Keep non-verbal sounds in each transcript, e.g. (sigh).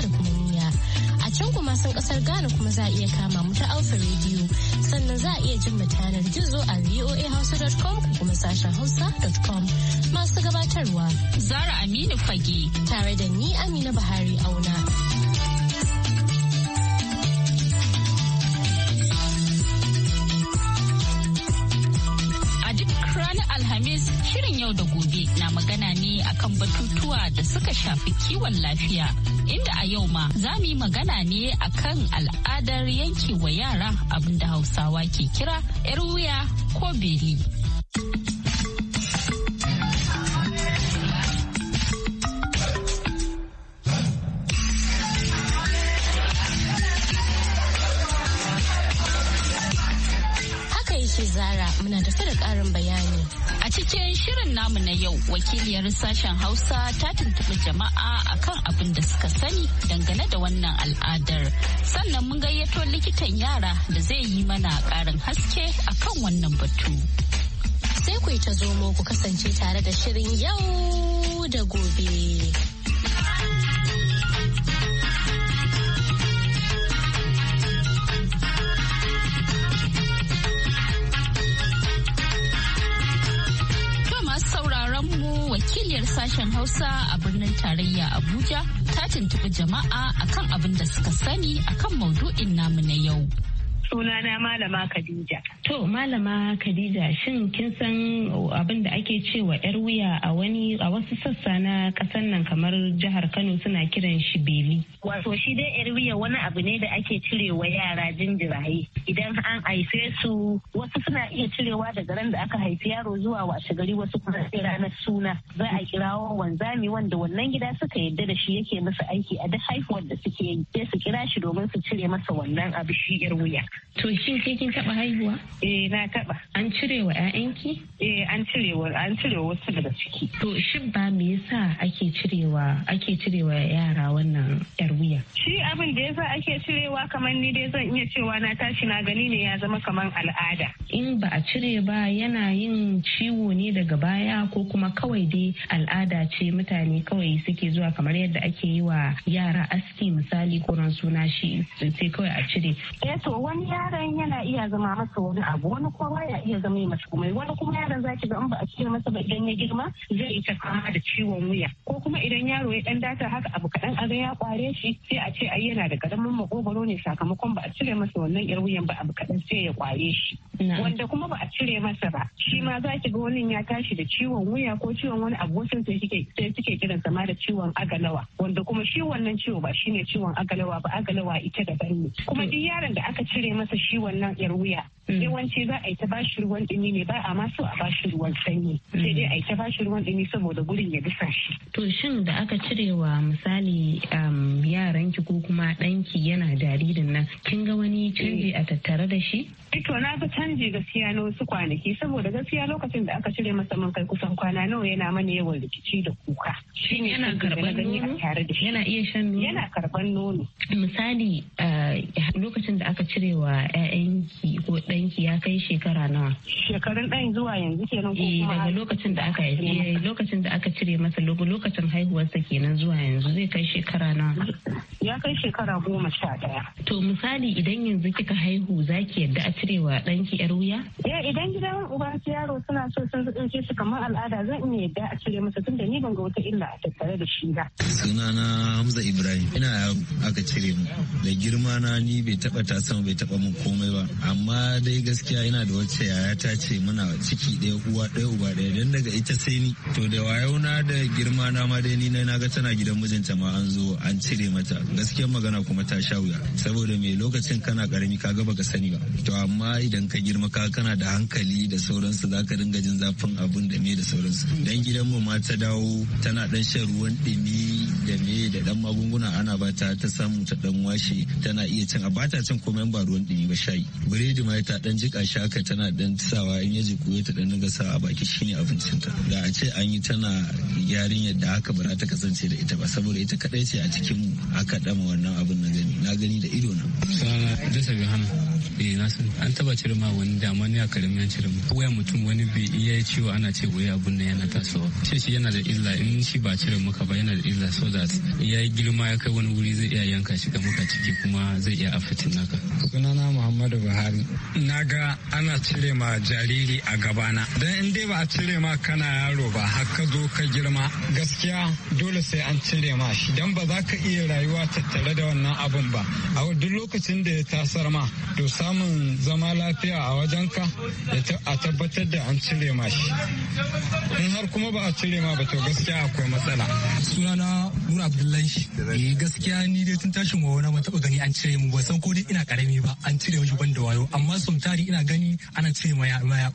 da kuma A can kuma sun kasar Ghana kuma za a iya kama mu ta Alfa Radio sannan za a iya jin mutanen gizo a voahouse.com kuma sashen hausa.com masu gabatarwa. Zara Aminu Fage tare da ni Amina Buhari Auna. Alhamis shirin yau da gobe na magana ne akan batutuwa da suka shafi kiwon lafiya inda a yau ma za mu yi magana ne akan al'adar yanki wa yara abinda Hausawa ke kira 'yar wuya ko beli. haka yake Zara muna tafi da ƙarin bayani. A cikin shirin namu na yau wakiliyar sashen Hausa ta tuntuɓi jama'a akan abin da suka sani dangane da wannan al'adar. Sannan mun gayyato likitan yara da zai yi mana ƙarin haske akan wannan batu. Sai ku ta zomo ku kasance tare da shirin yau da gobe. wakiliyar sashen hausa a birnin tarayya abuja ta tuntuɓi jama'a akan abin da suka sani akan maudu'in namu na yau Sunana Malama Khadija. To Malama Khadija shin kin san abin da ake cewa yar wuya a wani a wasu sassa na ƙasar nan kamar jihar Kano suna kiran shi beli. Wato shi dai yar wuya wani abu ne da ake cirewa yara jinjiraye idan an haife su wasu suna iya cirewa daga ran da aka haifi yaro zuwa washe gari wasu kuma sai ranar suna za a kirawo wanzami wanda wannan gida suka yadda da shi yake masa aiki a duk haihuwar da suke yi sai su kira shi domin su cire masa wannan abu shi yar wuya. To shin kin taba haihuwa? Eh na taba. An cire wa ƴaƴanki? Eh an cire wa an cire wasu daga ciki. To shin ba me yasa ake cirewa ake cirewa yara wannan yar wuya? Shi abin da yasa ake cirewa kamar ni dai zan iya cewa na tashi na gani ne ya zama kamar al'ada. In ba a cire ba yana yin ciwo ne daga baya ko kuma kawai dai al'ada ce mutane kawai suke zuwa kamar yadda ake yi wa yara aski misali ko ran suna shi sai kawai a cire. Eh to wani yaron yana iya zama masa wani abu wani kuma ya iya zama mace komai wani kuma yaron zaki ga an ba a cire masa ba idan ya girma zai ita kama da ciwon wuya ko kuma idan yaro ya dan dace haka abu kadan a ga ya kware shi sai a ce ai yana da karamin makogoro ne sakamakon ba a cire masa wannan yar wuyan ba abu kadan sai ya kware shi wanda kuma ba a cire masa ba shi ma za ki ga wani ya tashi da ciwon wuya ko ciwon wani abokin sai suke kiran sama da ciwon agalawa wanda kuma shi wannan ciwo ba shine ciwon agalawa ba agalawa ita daban ne kuma duk yaron da aka cire masa shi wannan yar wuya Mm. yawanci za a yi ta bashi ruwan dumi ne ba a ma so a bashi ruwan sanyi mm. sai dai a yi ta bashi ruwan dumi saboda gurin ya bisa shi to shin da aka cirewa misali um, yaranki ko kuma ɗanki yana jaririn nan kin ga wani canji a tattare da shi eh to na ga canji gaskiya na wasu kwanaki saboda gaskiya lokacin da aka cire masa man kai kusan kwana nawa yana mana yawan rikici da kuka shine yana karɓar nono yana iya shan nono yana karɓar nono misali uh, lokacin da aka cirewa ƴaƴanki ko ɗan ɗanki ya kai shekara nawa shekarun ɗan zuwa yanzu kenan ko eh, kuma daga lokacin da aka eh, lokacin da aka cire masa lokacin haihuwarsa kenan zuwa yanzu zai kai shekara nawa kai shekara goma sha ɗaya. To misali idan yanzu kika haihu za ki yadda a cirewa ɗanki yar wuya? Ya eh, idan gidan uba su yaro suna so sun ɗauke su kamar al'ada zan iya yadda a cire masa da ni ban ga wata illa a tattare da shi ba. Sunana Hamza Ibrahim ina aka cire mu da girma na ni bai taɓa ta sama bai taɓa mun komai ba amma dai gaskiya ina da wacce yaya ta ce muna ciki ɗaya uwa ɗaya uba ɗaya dan daga ita sai ni to da wayo na da girma na ma dai ni na ga tana gidan mijinta ma an zo an cire mata gaskiya gaskiyar magana kuma ta sha wuya saboda mai lokacin kana karami ka ga baka sani ba to amma idan ka girma ka kana da hankali da sauransu za ka dinga jin zafin abun da me da sauransu dan gidanmu ma ta dawo tana dan shan ruwan dumi da me da dan magunguna ana ba ta ta samu ta dan washe tana iya cin a bata cin komai ba ruwan dumi ba shayi biredi ma ta dan jika shaka tana dan sawa in ya jiku ta dan dinga sawa a baki shine ta da a ce an yi tana yarinyar da haka ba za ta kasance da ita ba saboda ita kadai ce a cikin mu aka dama wannan abin na gani na gani da ido na. Sa Joseph Yohana. eh na san an taba cire ma wani dama ne a karamin an cire ma waya mutum wani bai iya ciwo ana ce waya abun nan yana tasowa ce shi yana da illa in shi ba cire maka ba yana da illa so that ya yi girma ya kai wani wuri zai iya yanka shi ga maka ciki kuma zai iya afitin naka sunana muhammadu buhari na ga ana cire ma jariri a gabana don in dai ba a cire ma kana yaro ba har ka zo ka girma gaskiya dole sai an cire ma shi don ba za ka iya rayuwa tattare da wannan abun ba a duk lokacin da ya tasar ma to sa samun zama lafiya a wajenka a tabbatar da an cire ma shi in har kuma ba a cire ma ba to gaskiya akwai matsala sunana nura abdullahi eh gaskiya ni dai tun tashin wa na taba gani an cire mu ba san ko dai ina karami ba an cire wani ban da wayo amma sun tari ina gani ana cire ma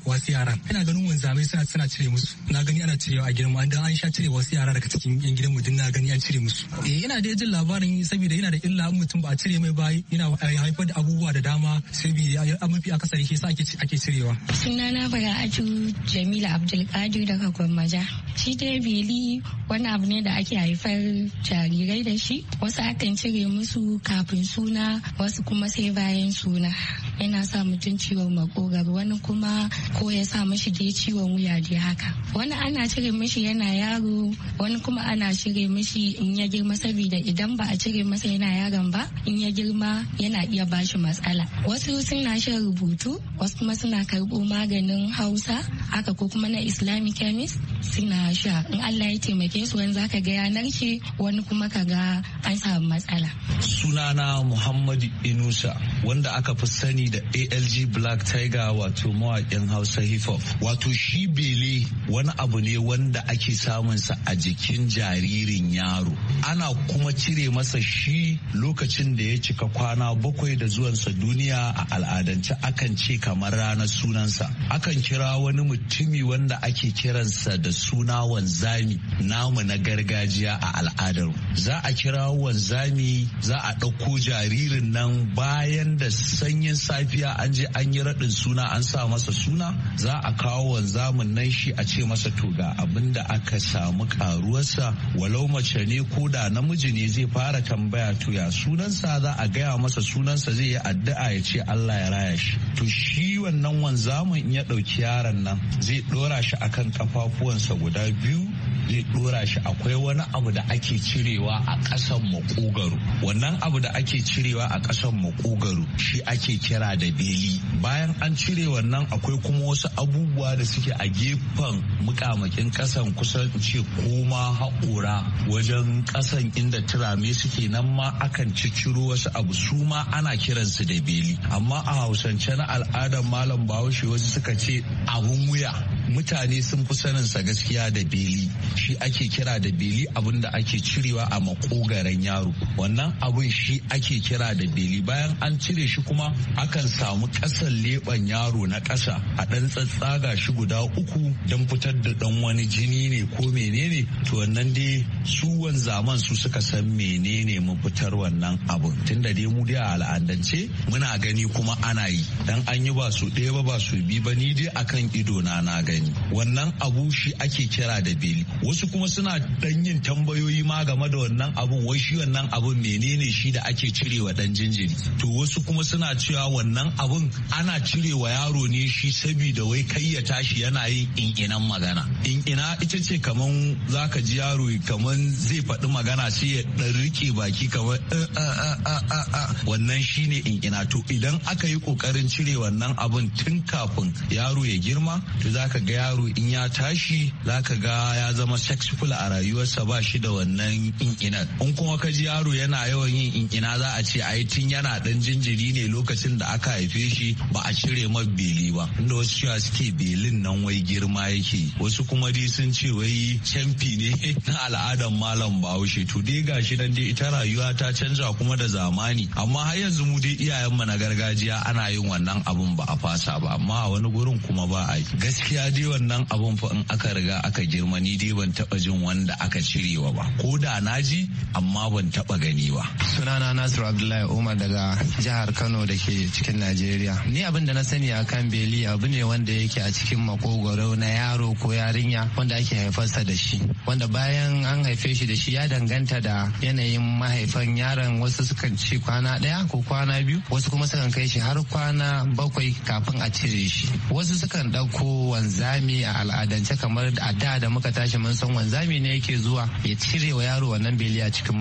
wasu yaran ina ganin wanzamai suna suna cire musu na gani ana cire a mu an da an sha cire wasu yara daga cikin yan gidanmu din na gani an cire musu eh ina dai jin labarin saboda yana da illa mutum ba a cire mai ba yana haifar da abubuwa da dama saboda a mafi akasari shi sa ake cirewa sunana bara aju jamila abdulkadir daga gwammaja shi dai wani abu ne da ake haifar jarirai da shi wasu akan cire musu kafin suna wasu kuma sai bayan suna yana sa mutum ciwon makogaro wani kuma ko ya sa mashi dai ciwon wuya dai haka wani ana cire mashi yana yaro wani kuma ana cire mashi in ya girma saboda idan ba a cire masa yana yaron ba in ya girma yana iya bashi matsala wasu suna shan rubutu wasu kuma suna karɓo maganin hausa haka ko kuma na islamic chemist suna sha in allah ya taimake su wani zaka ga yanar ce wani kuma ka ga an samu matsala sunana muhammadu inusa wanda aka fi sani da ALG Black Tiger wato mawaƙin Hausa hip hop. Wato shi bele wani abu ne wanda ake samun sa a jikin jaririn yaro. Ana kuma cire masa shi lokacin da ya cika kwana bakwai da zuwansa duniya a al'adance akan ce kamar ranar sunansa. Akan kira wani mutumi wanda ake kiransa da suna wanzami namu na gargajiya a al'adar. Za a kira wanzami za a ɗauko jaririn nan bayan da sanyin sa safiya an je an yi raɗin suna an sa masa suna za a kawo wanzamin nan shi a ce masa to ga abin da aka samu karuwarsa walau mace ne ko da namiji ne zai fara tambaya to ya sunansa za a gaya masa sunansa zai yi addu'a ya ce Allah ya raya shi to shi wannan wanzamin in ya ɗauki yaron nan zai ɗora shi akan kafafuwansa guda biyu zai dora shi akwai wani abu da ake cirewa a ƙasan makogaro wannan abu da ake cirewa a ƙasan makogaro shi ake kira kira da beli bayan an cire wannan akwai kuma wasu abubuwa da suke a gefen mukamakin kasan kusan ce koma haƙura wajen kasan inda turame suke nan ma akan cicciro wasu abu su ma ana kiransu da beli amma a hausance na al'adar malam bahaushe wasu suka ce abun wuya mutane sun fi sa gaskiya da beli shi ake kira da beli abin da ake cirewa a makogaran yaro wannan abin shi ake kira da beli bayan an cire shi kuma akan samu ƙasan leɓen yaro na ƙasa a ɗan tsatsaga shi guda uku don fitar da ɗan wani jini ne ko menene to wannan dai su zaman su suka san menene mu fitar wannan abun tunda dai mu dai a al'adance muna gani kuma ana yi dan an yi ba su ɗaya ba ba su bi ba ni dai akan ido na na gani wannan abu shi ake kira da beli wasu kuma suna dan yin tambayoyi ma game da wannan abun wai shi wannan abun menene shi da ake cirewa dan jinjiri to wasu kuma suna cewa wannan abun ana cirewa yaro ne shi saboda wai kai ya tashi yana yin in'inan magana ina ita ce kaman zaka ji yaro kaman zai faɗi magana sai ya dan rike baki kaman. Eh, eh, eh, wannan shine in'ina to idan aka yi kokarin cire wannan abun tun kafin yaro ya girma to zaka ga ga yaro in ya tashi za ka ga ya zama sexful a rayuwarsa ba shi da wannan inkinan in kuma ka ji yaro yana yawan yin inkina za a ce ai tun yana dan jinjiri ne lokacin da aka haife shi ba a cire ma beli ba inda wasu cewa suke belin nan wai girma yake wasu kuma dai sun ce wai camfi ne (laughs) na al'adan malam bahaushe to dai gashi nan dai ita rayuwa ta canza kuma da zamani amma har yanzu mu dai iyayenmu na gargajiya ana yin wannan abun ba a fasa ba amma a wani gurin kuma ba a yi gaskiya dai wannan abun fa in aka riga aka girma ni dai ban taba jin wanda aka cirewa ba ko da na ji amma ban taba gani ba sunana nasiru abdullahi umar daga jihar kano da ke cikin najeriya ni abin da na sani akan beli abu ne wanda yake a cikin makogoro na yaro ko yarinya wanda ake haifarsa da shi wanda bayan an haife shi da shi ya danganta da yanayin mahaifan yaron wasu sukan ci kwana daya ko kwana biyu wasu kuma sukan kai shi har kwana bakwai kafin a cire shi wasu sukan ɗauko wanzan wanzami a al'adance kamar a da da muka tashi mun san wanzami ne yake zuwa ya cire wa yaro wannan beli a cikin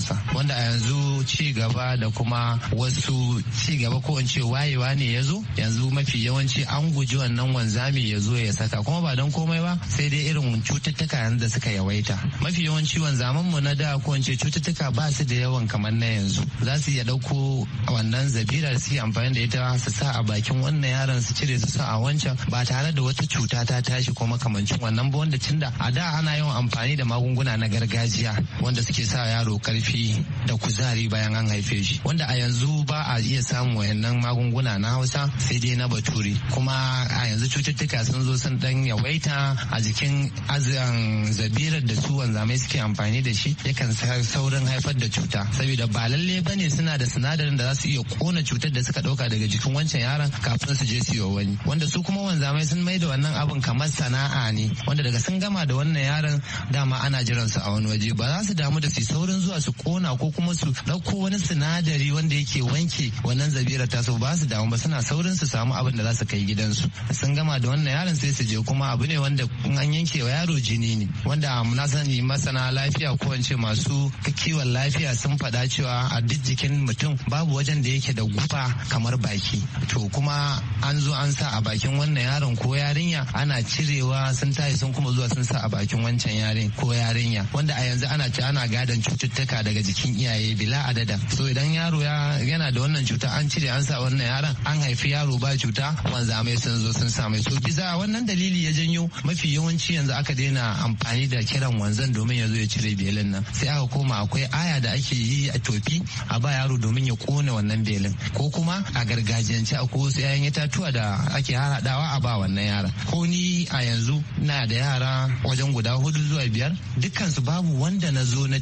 sa wanda a yanzu ci gaba da kuma wasu ci gaba ko in ce wayewa ne ya zo yanzu mafi yawanci an guji wannan wanzami ya zo ya saka kuma ba don komai ba sai dai irin cututtuka yanzu da suka yawaita mafi yawanci wanzaman mu na da ko in ce cututtuka ba su da yawan kamar na yanzu za su iya dauko wannan zabirar su amfani da ita su sa a bakin wannan yaron su cire su sa a wancan ba tare da wata cuta ta tashi ko makamancin wannan ba wanda tunda a da ana yawan amfani da magunguna na gargajiya wanda suke sa yaro karfi da kuzari bayan an haife shi wanda a yanzu ba a iya samun wayannan magunguna na hausa sai dai na bature kuma a yanzu cututtuka sun zo sun dan yawaita a jikin azan zabirar da su wanzamai suke amfani da shi yakan saurin haifar da cuta saboda ba lalle bane suna da sinadarin da za su iya kona cutar da suka dauka daga jikin wancan yaron kafin su je su yi wani wanda su kuma wanzamai sun mai da wannan wannan abin kamar sana'a ne wanda daga sun gama da wannan yaron dama ana jiran su a wani waje ba za su damu da su saurin zuwa su kona ko kuma su ɗauko wani sinadari wanda yake wanke wannan zabira ta so ba su damu ba suna saurin su samu abin da za su kai gidansu sun gama da wannan yaron sai su je kuma abu ne wanda in an yanke wa yaro jini ne wanda na sani masana lafiya ko in masu kiwon lafiya sun faɗa cewa a duk jikin mutum babu wajen da yake da gufa kamar baki to kuma an zo an sa a bakin wannan yaron ko yarinya yarinya ana cirewa sun tashi sun kuma zuwa sun sa a bakin wancan yarin ko yarinya wanda a yanzu ana ci ana gadon cututtuka daga jikin iyaye bila adada so idan yaro ya yana da wannan cuta an cire an sa wannan yaran an haifi yaro ba cuta wanzamai sun zo sun sa mai so bisa wannan dalili ya janyo mafi yawanci yanzu aka daina amfani da kiran wanzan domin ya zo ya cire belin nan sai aka koma akwai aya da ake yi a tofi a ba yaro domin ya kone wannan belin ko kuma a gargajiyance akwai wasu 'ya'yan itatuwa da ake haradawa a ba wannan yaran. ko ni a yanzu na da yara wajen guda hudu zuwa biyar dukkansu babu wanda na zo na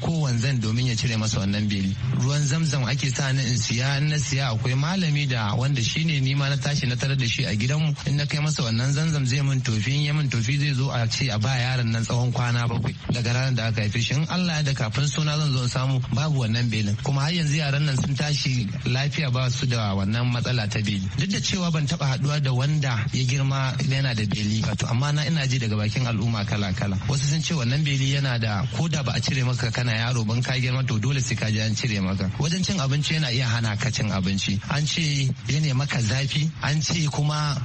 ko wanzan domin ya cire masa wannan beli ruwan zamzam ake sa ni in siya in na siya akwai malami da wanda shine ni ma na tashi na tarar da shi a gidanmu in na kai masa wannan zamzam zai min tofi in ya min tofi zai zo a ce a ba yaron nan tsawon kwana bakwai daga ranar da aka haife shi in Allah ya da kafin suna zan zo in samu babu wannan belin kuma har yanzu yaran nan sun tashi lafiya ba su da wannan matsala ta beli duk da cewa ban taba haduwa da wanda ya girma yana da beli wato amma na ina ji daga bakin al'umma kala kala wasu sun ce wannan beli yana da ko da ba a cire maka kana yaro ban ka girma to dole sai ka je an cire maka wajen cin abinci yana iya hana ka cin abinci an ce yana maka zafi an ce kuma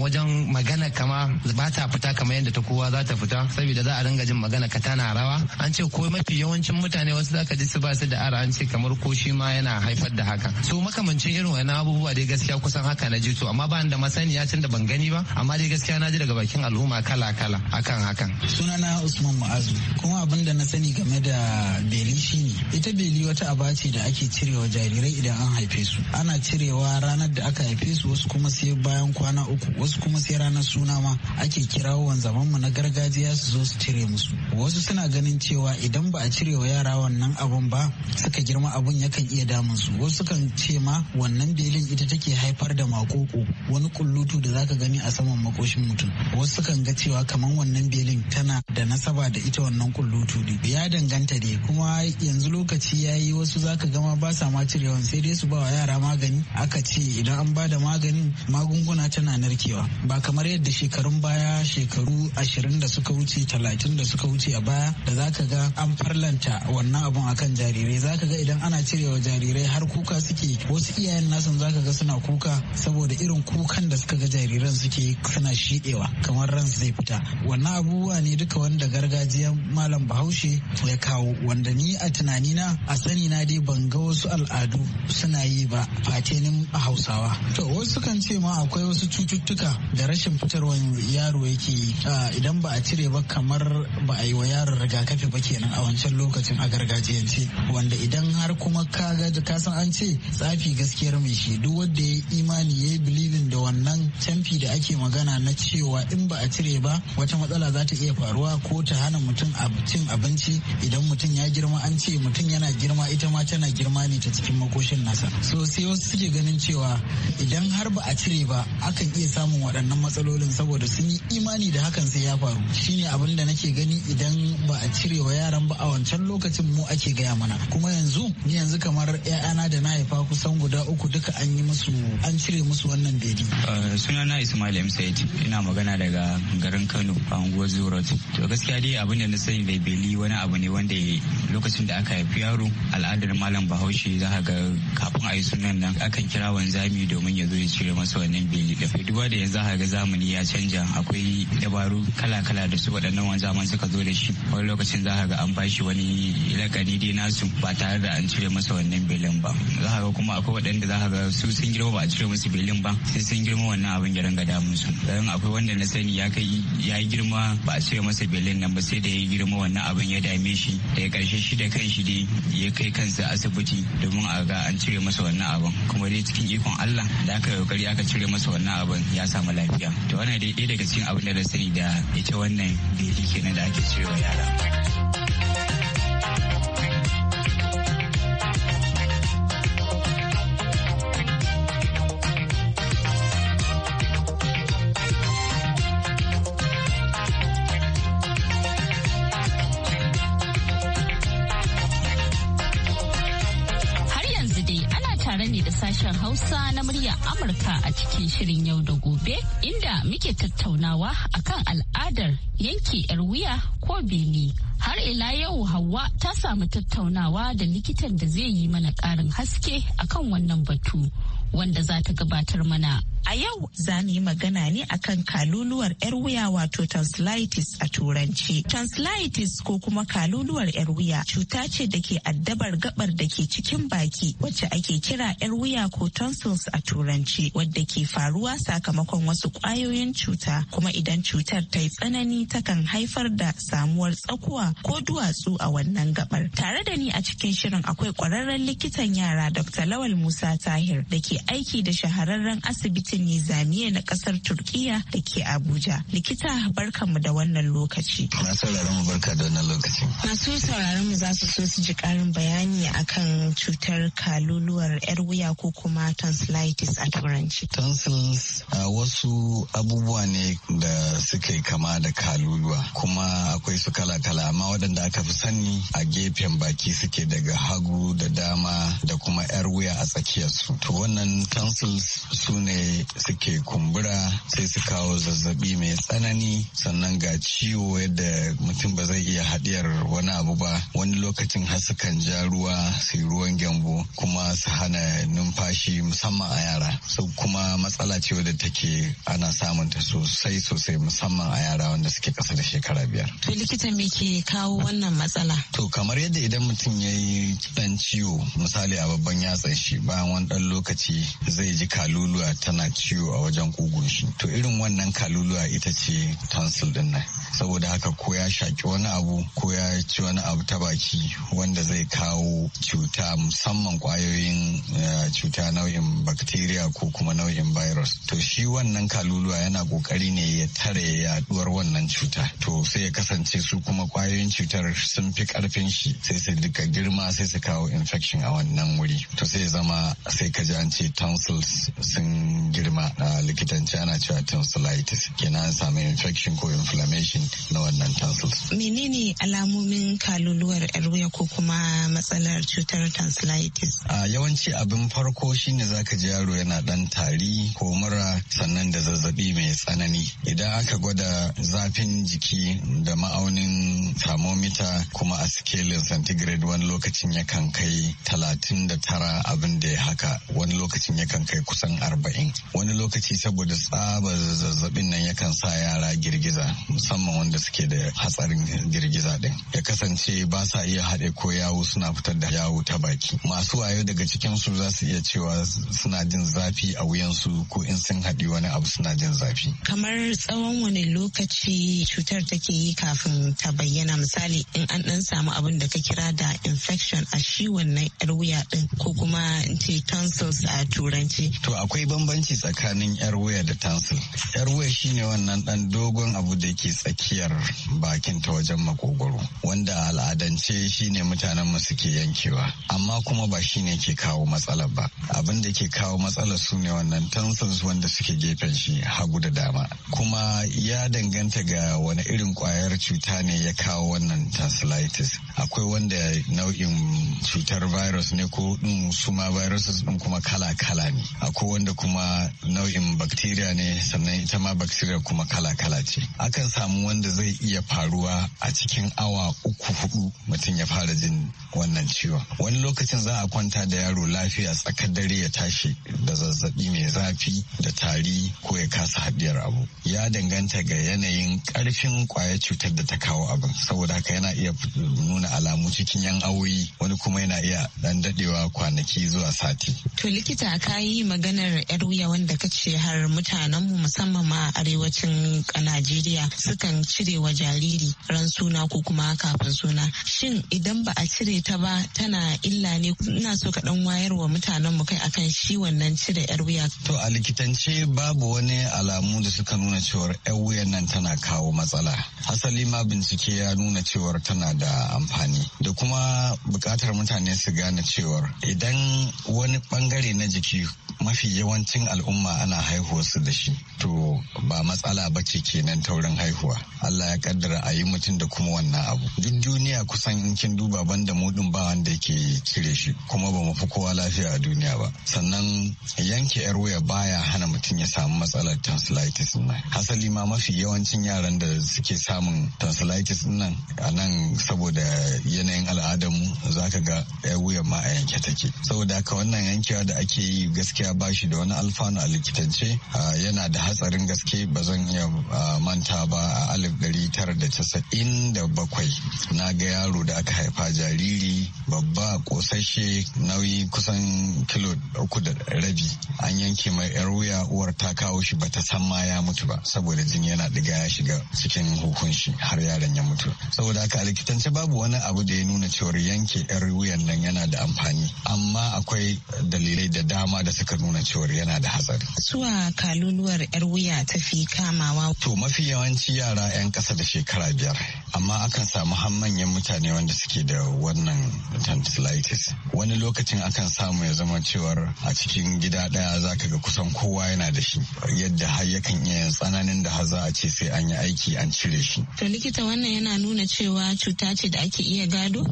wajen magana kama ba ta fita kamar yadda ta kowa za ta fita saboda za a ringa jin magana ka tana rawa an ce ko mafi yawancin mutane wasu zaka ji su ba su da ara an ce kamar ko shi ma yana haifar da haka so makamancin irin wani abubuwa dai gaskiya kusan haka na ji to amma ba da masaniya tun da ban gani ba amma dai dai gaskiya na ji daga bakin al'umma kala-kala akan hakan. Sunana Usman Mu'azu kuma abin da na sani game da beli shine ita beli wata aba ce da ake cirewa jarirai idan an haife su. Ana cirewa ranar da aka haife su wasu kuma sai bayan kwana uku wasu kuma sai ranar suna ma ake kirawo wanzaman mu na gargajiya su zo su cire musu. Wasu suna ganin cewa idan ba a cirewa yara wannan abun ba suka girma abun yakan iya damun su. Wasu kan ce ma wannan belin ita take haifar da makoko wani kullutu da zaka gani a saman makoshin mutum wasu kan ga cewa kamar wannan belin tana da nasaba da ita wannan kullutu tudu ya danganta ne kuma yanzu lokaci ya yi wasu zaka gama ba sa ma cirewan sai dai su ba wa yara magani aka ce idan an ba da maganin magunguna tana narkewa ba kamar yadda shekarun baya shekaru ashirin da suka wuce talatin da suka wuce a baya da zaka ga an farlanta wannan abun akan jarirai zaka ga idan ana cirewa jarirai har kuka suke wasu iyayen nasan zaka ga suna kuka saboda irin kukan da suka ga jariran suke kana shiɗewa kamar ran zai fita wannan abubuwa ne duka wanda gargajiya malam bahaushe ya kawo wanda ni a tunani na a sani na dai ban ga wasu al'adu suna yi ba fatenin hausawa to wasu kan ce ma akwai wasu cututtuka da rashin fitarwan yaro yake yi idan ba a cire ba kamar ba a yi wa yaron rigakafi ba kenan a wancan lokacin a gargajiyance wanda idan har kuma ka ga ka san an ce tsafi gaskiyar mai shi duk wanda ya imani ya yi bilibin da wannan canfi da ake magana magana na cewa in ba a cire ba wata matsala za ta iya faruwa ko ta hana mutum cin abinci idan mutum ya girma an ce mutum yana girma ita ma tana girma ne ta cikin makoshin nasa so sai wasu suke ganin cewa idan har ba a cire ba akan iya samun waɗannan matsalolin saboda sun yi imani da hakan sai ya faru shine abin da nake gani idan ba a cire wa yaran ba a wancan lokacin mu ake gaya mana kuma yanzu ni yanzu kamar 'ya'yana da na haifa kusan guda uku duka an yi musu an cire musu wannan bedi uh, sunana ismail m Ahmed ina magana daga garin Kano a unguwar Zurat. To gaskiya dai abin da na sani laibeli wani abu ne wanda lokacin da aka haifi yaro al'adar malam Bahaushe za ga kafin a yi sunan nan akan kira wanzami domin ya zo ya cire masa wannan beli da duba da yanzu za ga zamani ya canja akwai dabaru kala-kala da su waɗannan wanzaman suka zo da shi wani lokacin za ga an bashi wani lakani dai nasu ba tare da an cire masa wannan belin ba za ga kuma akwai waɗanda za ga su sun girma ba a cire musu belin ba sai sun girma wannan abin ya ranga damun su dan akwai wanda na sani ya kai ya girma ba a soya masa belin nan ba sai da ya girma wannan abin ya dame shi da ya karshe shi da kanshi dai ya kai kansa asibiti domin a ga an cire masa wannan abin kuma dai cikin ikon Allah da aka kokari aka cire masa wannan abin ya samu lafiya to wannan dai daga cikin abin da na sani da ita wannan belin kenan da ake cirewa yara. sashen Hausa na murya Amurka a cikin shirin yau da gobe inda muke tattaunawa akan al'adar yanke 'yar wuya ko beni Har ila yau Hauwa ta samu tattaunawa da likitan da zai yi mana ƙarin haske akan wannan batu wanda za ta gabatar mana. A yau za mu yi magana ne akan kaluluwar 'yar wuya wato translitis a turanci. Translitis ko kuma kaluluwar 'yar wuya cuta ce da ke addabar gabar da ke cikin baki wacce ake kira 'yar wuya ko tonsils a turanci wadda ke faruwa sakamakon wasu ƙwayoyin cuta kuma idan cutar ta yi tsanani takan haifar da samuwar tsakuwa ko duwatsu a wannan gabar. Tare da ni a cikin shirin akwai ƙwararren likitan yara Dr. Lawal Musa Tahir da ke aiki da shahararren asibiti asibitin nizamiya na kasar turkiya da ke abuja likita barkanmu da wannan lokaci masu sauraron mu da wannan lokaci masu sauraron mu za su so su ji karin bayani akan cutar kaluluwar yar wuya ko kuma tonsillitis a turanci tonsils a wasu abubuwa ne da suke kama da kaluluwa kuma akwai su kala-kala amma waɗanda aka fi sani a gefen baki suke daga hagu da dama da kuma yar wuya a tsakiyarsu to wannan tonsils su ne suke kumbura sai su kawo zazzabi mai tsanani sannan ga ciwo yadda mutum ba zai iya haɗiyar wani abu ba wani lokacin har sukan ja ruwa su ruwan gyambo kuma su hana numfashi musamman a yara su kuma matsala ce wadda take ana samun ta sosai sosai musamman a yara wanda suke kasa da shekara biyar. To likita me ke kawo wannan matsala? To kamar yadda idan mutum ya yi ɗan ciwo misali a babban yatsan shi bayan wani ɗan lokaci zai ji kaluluwa tana ciwo a wajen kugun shi to irin wannan kaluluwa ita ce tonsil din nan saboda haka ko ya shaki wani abu ko ya ci wani abu ta baki wanda zai kawo cuta musamman kwayoyin eh, cuta nau'in bacteria ko kuma nau'in virus to shi wannan kaluluwa yana kokari ne ya tare yaduwar wannan cuta to sai ya kasance su kuma kwayoyin cutar sun fi karfin shi sai su duka girma sai su kawo infection a wannan wuri to sai ya zama sai ka ji an ce tonsils sun girma a likitanci ana cewa tonsillitis kenan an samu infection ko inflammation na wannan tonsils. Menene alamomin kaluluwar wuya ko kuma matsalar cutar tonsillitis? A yawanci abin farko shine zaka ji yaro yana dan tari ko mura sannan da zazzabi mai tsanani. Idan aka gwada zafin jiki da ma'aunin thermometer kuma a sikelin centigrade wani lokacin ya kan kai talatin da tara abin da ya haka wani lokacin ya kan kai kusan arba'in wani lokaci saboda tsaba zazzabin nan yakan sa yara girgiza musamman wanda suke da hatsarin girgiza din ya kasance ba sa iya haɗe ko yawu suna fitar da yawu ta baki masu wayo daga cikin su za su iya cewa suna jin zafi a wuyansu ko in sun haɗi wani abu suna jin zafi kamar tsawon wani lokaci cutar take yi kafin ta bayyana misali in an dan samu abin da ka kira da infection a shi wannan yar wuya din ko kuma ce tonsils a turanci to akwai bambanci tsakanin yar waya da tasil yar waya shine wannan dan dogon abu da ke tsakiyar bakin ta wajen makogoro wanda al'adance shine mutanen mu suke yankewa amma kuma ba shine ke kawo matsalar ba abin da ke kawo matsalar su ne wannan tonsils wanda suke gefen shi hagu da dama kuma ya danganta ga wani irin kwayar cuta ne ya kawo wannan tonsillitis akwai wanda nau'in cutar virus ne ko mm, suma viruses din kuma kala-kala ne akwai wanda kuma nau'in bakteriya ne sannan ita ma bakteriya kuma kala-kala ce akan samu wanda zai iya faruwa a cikin awa uku hudu mutum ya fara jin wannan ciwon wani lokacin za a kwanta da yaro lafiya tsakar dare ya tashi da zazzabi mai zafi da tari ko ya kasa haɗiyar abu ya danganta ga yanayin ƙarfin ƙwayar cutar da ta kawo abin saboda haka yana iya nuna alamu cikin yan awoyi wani kuma yana iya ɗan daɗewa kwanaki zuwa sati to likita ka yi maganar yar wuya wanda ka ce har mutanenmu musamman ma a arewacin Najeriya sukan cire wa jariri ran suna ko kuma kafin suna. Shin idan ba a cire ta ba tana illa ne ina so ka dan wayar wa mutanenmu kai akan shi wannan cire yar wuya. To a likitance babu wani alamu da suka nuna cewar yar wuyan nan tana kawo matsala. asali ma bincike ya nuna cewar tana da amfani da kuma buƙatar mutane su gane cewar idan wani bangare na jiki mafi yawancin al'umma al'umma ana su da shi to ba matsala ba ce kenan taurin haihuwa Allah ya kaddara a yi mutum da kuma wannan abu duk duniya kusan in kin duba banda mudun ba wanda yake cire shi kuma ba mu fi kowa lafiya a duniya ba sannan yanke yar waya baya hana mutum ya samu matsalar tonsillitis nan hasali ma mafi yawancin yaran da suke samun tonsillitis nan a nan saboda yanayin al'adar al'adarmu zaka ga yar wuya ma a yanke take saboda haka wannan yankewa da ake yi gaskiya ba shi da wani alfanu wannan a likitance yana da hatsarin gaske ba zan iya manta ba a alif ɗari tara da casa'in da bakwai na ga yaro da aka haifa jariri babba kosashe nauyi kusan kilo uku da rabi an yanke mai yar wuya uwar ta kawo shi ba ta san ma ya mutu ba saboda jini yana diga ya shiga cikin hukun shi har yaron ya mutu saboda haka a likitance babu wani abu da ya nuna cewar yanke yar wuyan nan yana da amfani amma akwai dalilai da dama da suka nuna cewar yana da hatsari. Suwa kaluluwar 'yar wuya ta fi kamawa. To mafi yawanci yara 'yan ƙasa da shekara biyar. Amma akan samu har manyan mutane wanda suke da wannan tonsillitis. Wani lokacin akan samu ya zama cewar a cikin gida ɗaya za ka ga kusan kowa yana da shi. Yadda har yakan iya tsananin da haza a ce sai an yi aiki an cire shi. To likita wannan yana nuna cewa cuta ce da ake iya gado?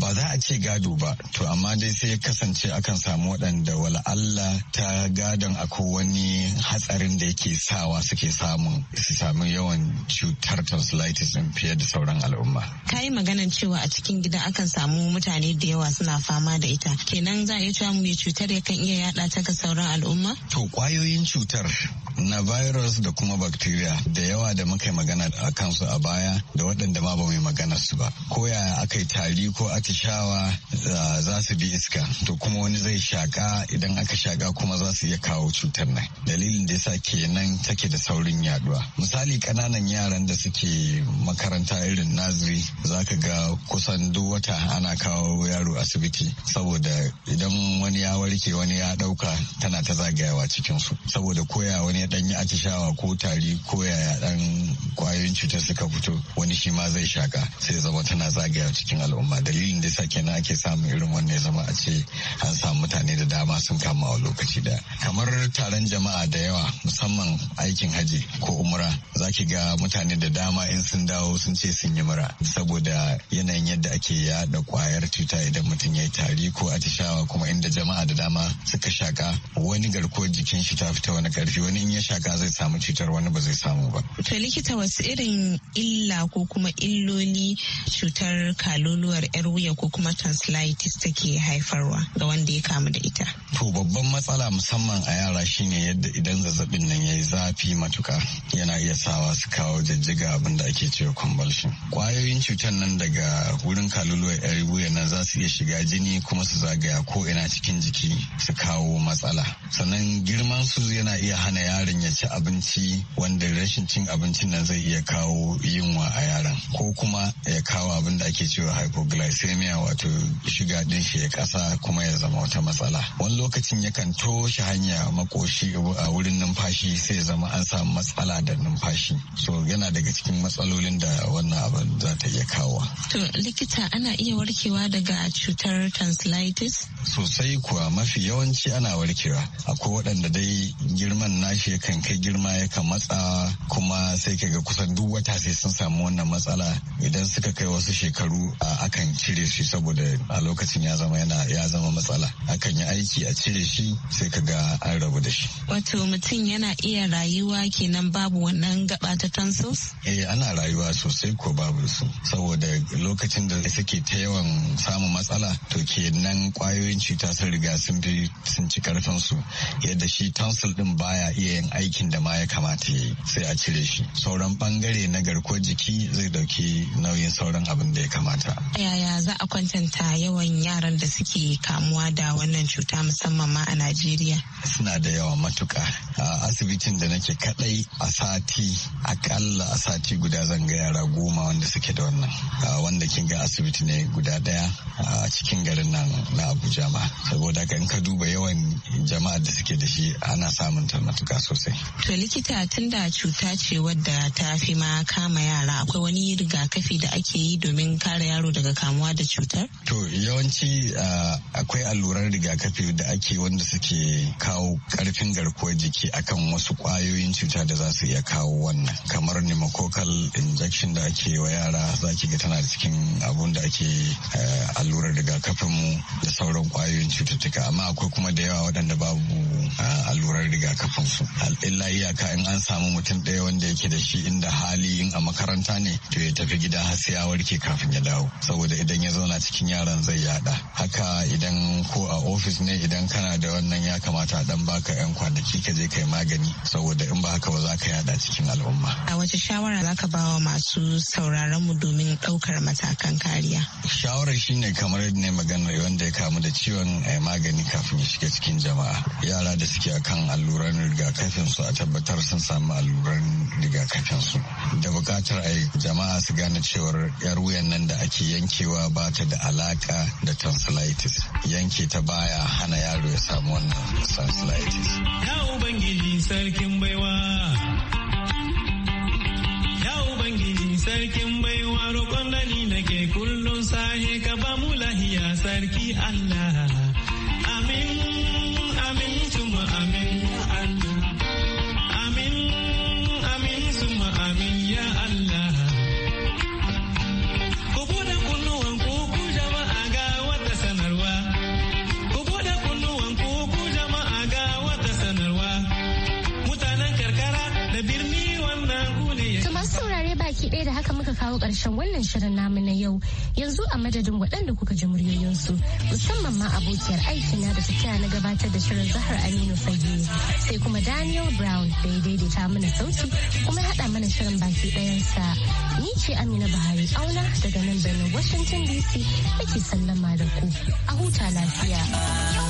Ba za a ce gado ba. To amma dai sai ya kasance akan samu waɗanda wala Allah ta gadon a Ko wani hatsarin da yake sawa suke samun su sami yawan cutar tonsillitis din fiye da sauran al'umma. Ka yi maganan cewa a cikin gida akan samu mutane da yawa suna fama da ita. Kenan za a iya cewa mai cutar ya kan iya yada ta ga sauran al'umma? To kwayoyin cutar na virus da kuma bacteria da yawa da muka yi magana a kansu a baya da waɗanda ma ba yi magana su ba. Ko ya aka yi tari ko atishawa za su bi iska to kuma wani zai shaƙa idan aka shaƙa kuma za su iya kawo cutar nan dalilin da yasa kenan take da saurin yaduwa misali kananan yaran da suke makaranta irin naziri za ka ga kusan duk wata ana kawo yaro asibiti saboda idan wani ya warke wani ya dauka tana ta zagayawa cikin su saboda koya wani ya yi atishawa ko tari ko yaya dan kwayoyin cutar suka fito wani shi ma zai shaka sai zama tana zagayawa cikin al'umma dalilin da yasa kenan ake samun irin wannan ya zama a ce an samu mutane da dama sun kama a lokaci da kamar taron jama'a da yawa musamman aikin haji ko umra za ki ga mutane da dama in sun dawo sun ce sun yi mura saboda yanayin yadda ake yada kwayar cuta idan mutum ya yi tari ko atishawa kuma inda jama'a da dama suka shaka wani garkuwar jikin shi ta fita wani karfi wani in ya shaka zai samu cutar wani ba zai samu ba. To likita wasu irin illa ko kuma illoli cutar kaluluwar yar wuya ko kuma tonsillitis take haifarwa ga wanda ya kamu da ita. To babban matsala musamman a yara yara shine yadda idan zazzabin nan ya yi zafi matuka yana iya sawa su kawo jijjiga abin ake cewa convulsion kwayoyin cutar nan daga wurin kaluluwar yar wuya nan za su iya shiga jini kuma su zagaya ko ina cikin jiki su kawo matsala sannan girman su yana iya hana yaron ya ci abinci wanda rashin cin abincin nan zai iya kawo yunwa a yaron ko kuma ya kawo abin da ake cewa hypoglycemia wato shiga din shi ya kasa kuma ya zama wata matsala wani lokacin yakan toshe hanya koshi a wurin numfashi sai zama an samu matsala da numfashi so yana daga cikin matsalolin da wannan abin za ta iya kawo to likita ana iya warkewa daga cutar tonsillitis sosai kuwa mafi yawanci ana warkewa akwai waɗanda dai girman nashi kan kai girma yakan matsa kuma sai ka ga kusan duk wata sai sun samu wannan matsala idan suka kai wasu shekaru a akan cire shi saboda a lokacin ya zama yana ya zama matsala akan yi aiki a cire shi sai ka ga an rabu da shi. Wato mutum yana iya rayuwa kenan babu wannan gaba ta tonsils? Eh ana rayuwa sosai ko babu su saboda lokacin da suke ta yawan samun matsala to kenan kwayoyin cuta sun riga sun fi sun ci karfin su yadda shi tonsil din baya iya yin aikin da ma ya kamata yi sai a cire shi sauran bangare na garkuwar jiki zai dauki nauyin sauran abin da ya kamata. Yaya za a kwantanta yawan yaran da suke kamuwa da wannan cuta musamman ma a Najeriya? Suna da da yawa matuka a asibitin da nake kadai a sati akalla a sati guda zan ga yara goma wanda suke da wannan wanda kin ga asibiti ne guda daya a cikin garin nan na abuja ma saboda in ka duba yawan jama'a da suke da shi ana samun ta matuka sosai to likita tunda cuta ce wadda ta fi ma kama yara akwai wani rigakafi da ake yi domin kare yaro daga kamuwa da cutar to yawanci akwai alluran rigakafi da ake wanda suke kawo karfin garkuwar jiki akan wasu kwayoyin cuta da za su iya kawo wannan kamar pneumococcal injection da ake wa yara za ki ga tana da cikin abun da ake eh, allurar rigakafin mu da sauran kwayoyin cututtuka amma akwai kuma da yawa waɗanda babu eh, allurar rigakafin su illa iyaka in an samu mutum ɗaya wanda yake da shi inda hali in a makaranta ne to ya tafi gida har sai ya warke kafin ya dawo saboda idan ya zauna cikin yaran zai yada haka idan ko a ofis ne idan kana da wannan ya kamata a dan ba baka yan kwanaki ka je kai magani saboda in ba haka ba za ka yada cikin al'umma. A wace shawara za ka ba wa masu sauraron mu domin ɗaukar matakan kariya? Shawarar shine kamar yadda ne magana wanda ya kamu da ciwon eh, magani kafin ya shiga cikin jama'a. Yara da suke kan alluran rigakafin su a tabbatar sun samu alluran rigakafin su. Da buƙatar a jama'a su gane cewar yar wuyan nan da ake yankewa ba ta da alaƙa da tonsillitis. Yanke ta baya hana yaro ya samu wannan tonsillitis. communities. Ya sarkin baiwa. Ya Ubangiji sarkin baiwa roƙon da nake kullum sahe ka ba mu lahiya sarki Allah. kaɗai da haka muka kawo ƙarshen wannan shirin namu na yau yanzu a madadin waɗanda kuka ji muryoyinsu musamman ma abokiyar na da ta na gabatar da shirin zahar aminu fage sai kuma daniel brown da ya daidaita mana sauti kuma haɗa mana shirin baki ɗayansa ni ce amina buhari auna daga nan birnin washington dc ake sallama da ku a huta lafiya.